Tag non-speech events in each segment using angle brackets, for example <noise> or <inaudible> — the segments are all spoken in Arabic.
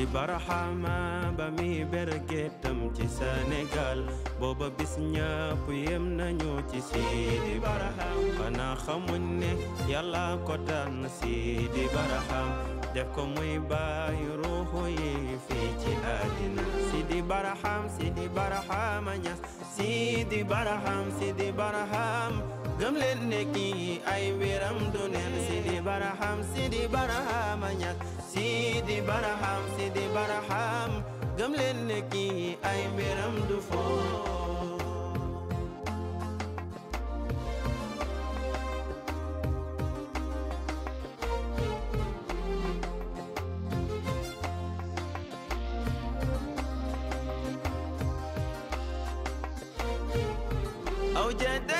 di barahama ba mi bergetam ci Senegal, boba bis ñëpp yem nañu ci Sidi baraham bana xamuñ yalla ko tan Sidi baraham def ko muy bay yi fi ci adina Sidi baraham Sidi baraham nya Sidi baraham Sidi baraham gëm leen neki ay wéram du neen Sidi Baraham Sidi Baraham a ñàkk Sidi Baraham Sidi Baraham gëm leen ne ay wéram du foo وجدت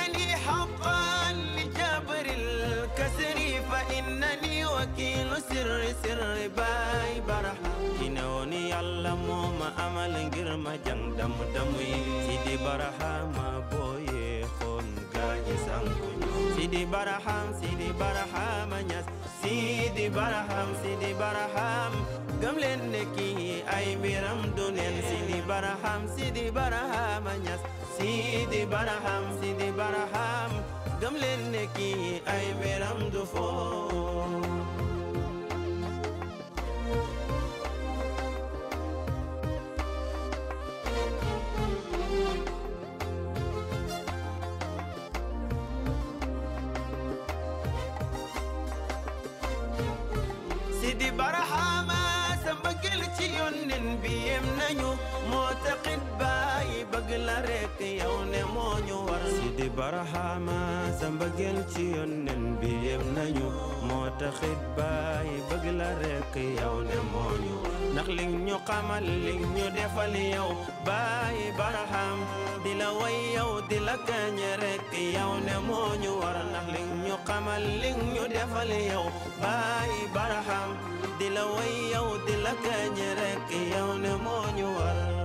diinu sirri sirri baay baraxam ki ne kii ay mbiram du neen di baraxaama sa mbëggeel ci yónneen bi yem nañu la rekk yow ne moo ñu war Sidi Barahama sa mbëggeel ci yónneen bi yem nañu moo taxit bàyyi bëgg la rekk yow ne moo ñu ndax li ñu xamal li ñu defal yow bàyyi Baraham di la way yow di la gaañe rekk yow ne moo ñu war ndax li ñu xamal li ñu defal yow bàyyi Baraham di la way yow di la gaañe rekk yow ne moo ñu war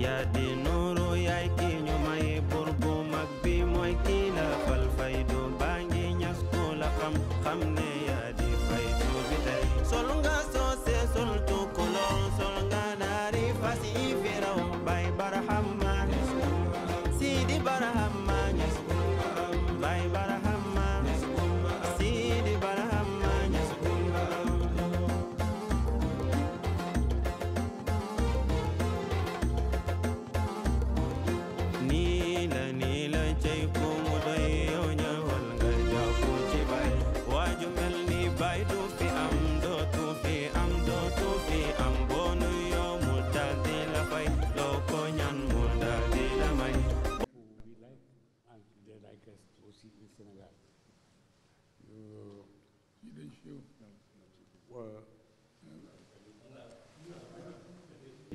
yaa di nuuru yaay ki ñu may bur bu mag bi mooy kii la fal faydu baa ngi ñas ku la xam xam ne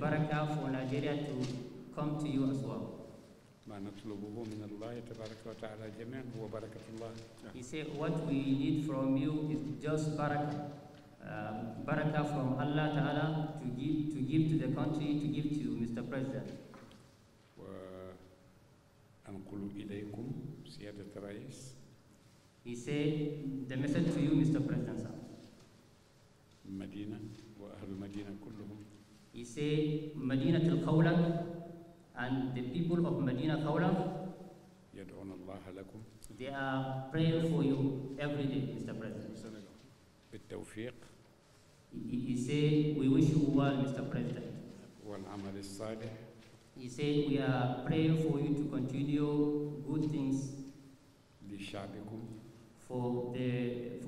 barakah for Nigeria to come to you as well. He said, what we need from you is just barakah. Um, barakah from Allah Ta'ala to give, to give to the country, to give to you, Mr. President. He said, the message to you, Mr. President, sir. المدينة وأهل المدينة كلهم he said, Medina al Khawlak and the people of Medina Khawlak, they are praying for you every day, Mr. President. He said, we wish you well, Mr. President. He said, we are praying for you to continue good things. For the,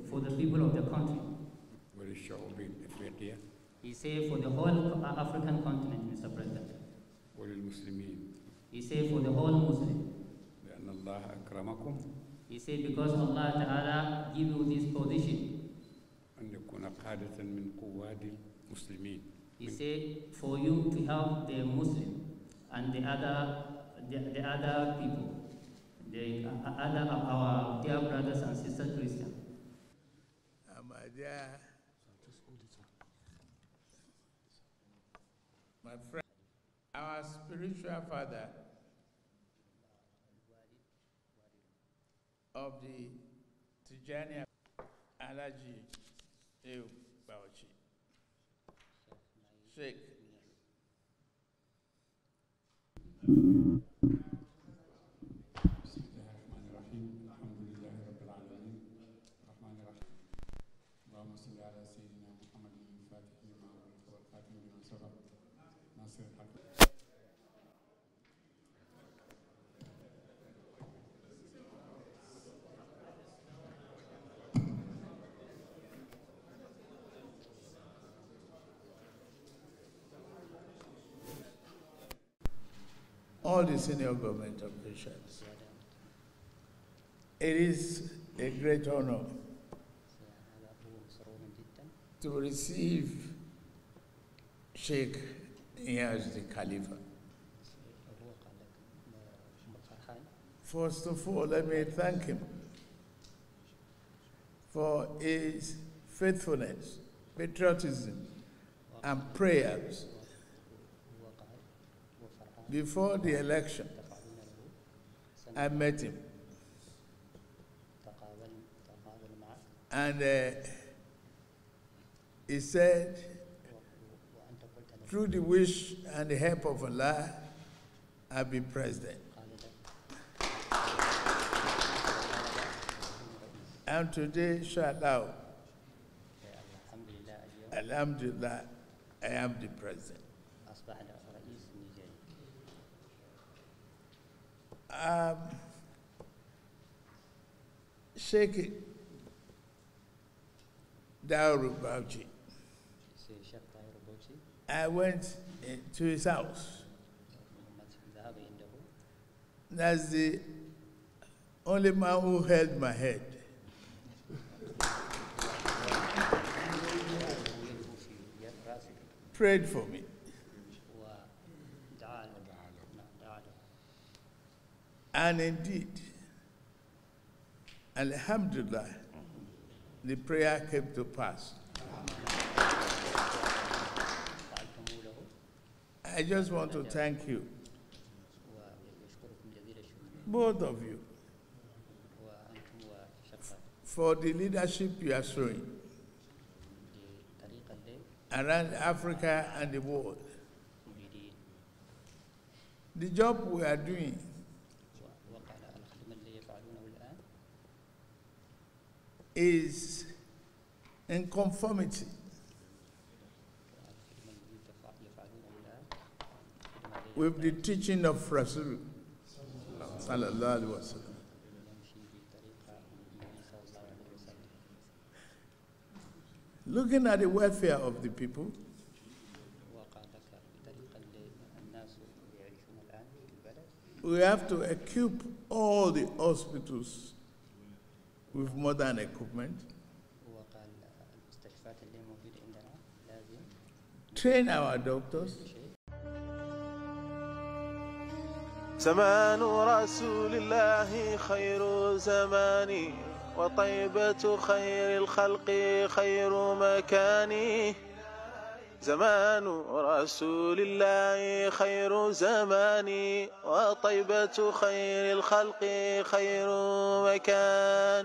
for the people of the country. He said for the whole African continent, Mr. President. وللمسلمين. He said for the whole Muslim. لأن الله أكرمكم. He said because Allah Ta'ala give you this position. أن يكون قادة من قواد المسلمين. He said for you to help the Muslim and the other the, the other people, the uh, other our dear brothers and sisters Christians. my friend, our spiritual father of the Tijani Alaji Ew Bauchi. Sheikh. all the senior government officials. It is a great honor to receive Sheikh Niyaz the Khalifa. First of all, let me thank him for his faithfulness, patriotism, and prayers before the election, I met him. And uh, he said, through the wish and the help of Allah, I'll be president. and today, inshallah, Alhamdulillah, I am the president. um, Sheikh Dauru Bauchi. I went to his house. That's the only man who held my head. <laughs> Prayed for me. And indeed, Alhamdulillah, the prayer came to pass. I just want to thank you, both of you, for the leadership you are showing around Africa and the world. The job we are doing is in conformity with the teaching of Rasul. Looking at the welfare of the people, we have to equip all the hospitals with modern equipment. Train our doctors. زمان رسول الله خير زماني وطيبة خير الخلق خير مكاني زمان رسول الله خير زماني وطيبة خير الخلق خير مكان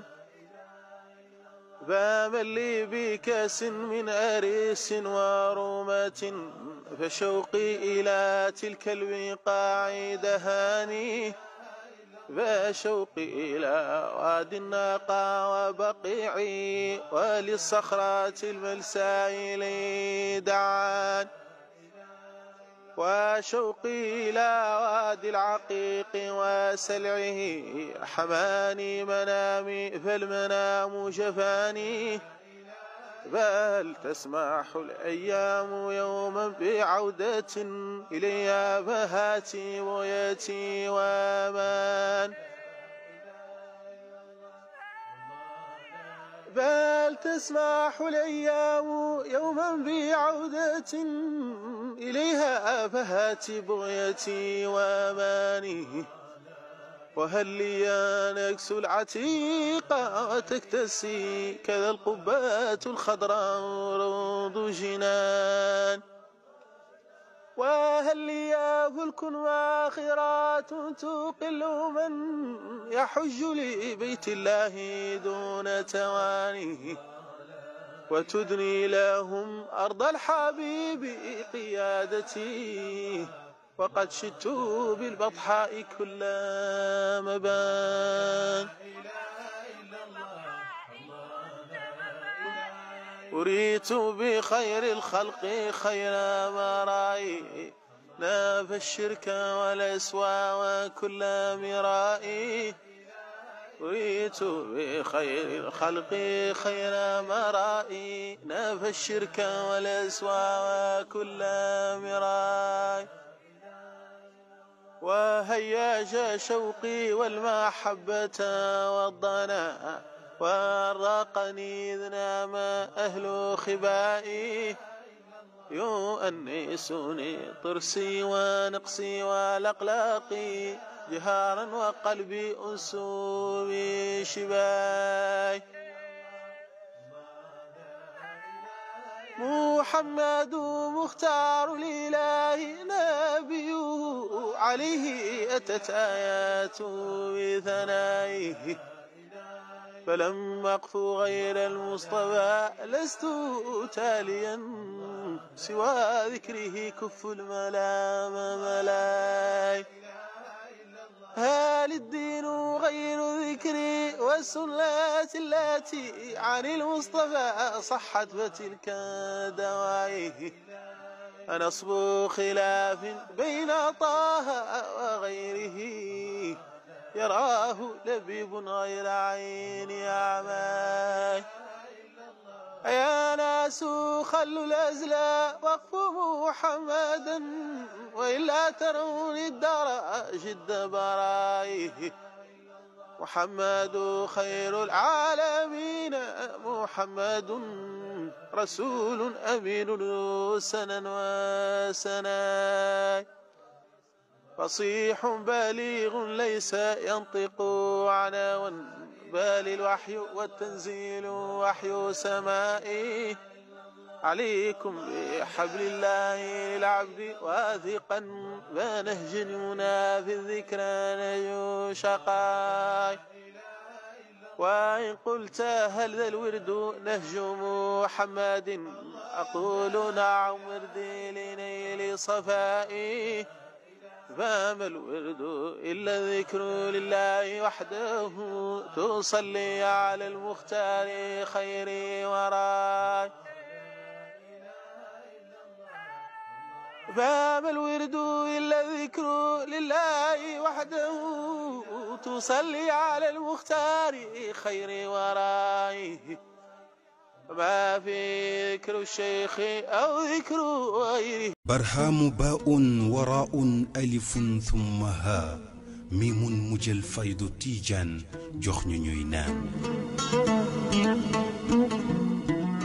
باب لي بكاس من أريس ورومة فشوقي إلى تلك الوقاع دهاني فشوقي إلى وادي الناقة وبقيعي وللصخرات الملسى إلي دعاني وشوقي إلى وادي العقيق وسلعه حماني منامي فالمنام جفاني بل تسمح الأيام يوما بعودة إلي فهاتي ويتي ومان بل تسمح الأيام يوما بعودة إليها آبهات بغيتي وأماني وهل لي نكس العتيق وتكتسي كذا القبات الخضراء وروض جنان وهل لي فلك واخرات تقل من يحج لبيت الله دون توانيه وتدني لهم أرض الحبيب قيادتي وقد شدت بالبطحاء كل مبان أريت بخير الخلق خير مرائي نافى الشرك والأسوى وكل مرائي ويت بخير الخلق خير مرائي نفى الشرك والاسوا وكل مراي وهياج شوقي والمحبة والضناء وارقني إذ نام أهل خبائي يؤنسني طرسي ونقصي والأقلاقي جهارا وقلبي انسومي بشباي محمد مختار الإله نبي عليه أتت آيات بثنائه فلم أقف غير المصطفى لست تاليا سوى ذكره كف الملام ملاي هل الدين غير ذكري والسلات التي عن المصطفى صحت فتلك دواعيه نصب خلاف بين طه وغيره يراه لبيب غير عين أعماه يا ناس خلوا الأزلى وقفوا محمدا وإلا ترون الدار جد برايه محمد خير العالمين محمد رسول أمين سنا وسنا فصيح بليغ ليس ينطق عنا بل الوحي والتنزيل وحي سمائي عليكم بحبل الله للعبد واثقا بنهج ينافي الذكرى نجو شقاي وإن قلت هل ذا الورد نهج محمد أقول نعم وردي لنيل صفائي باب الورد إلا ذكر لله وحده تصلي على المختار خير وراي باب الورد إلا ذكر لله وحده تصلي على المختار خير وراي ما في ذكر الشيخ أو ذكر غيره برهام باء وراء ألف ثم ها ميم مجلفيد تيجان جخن نام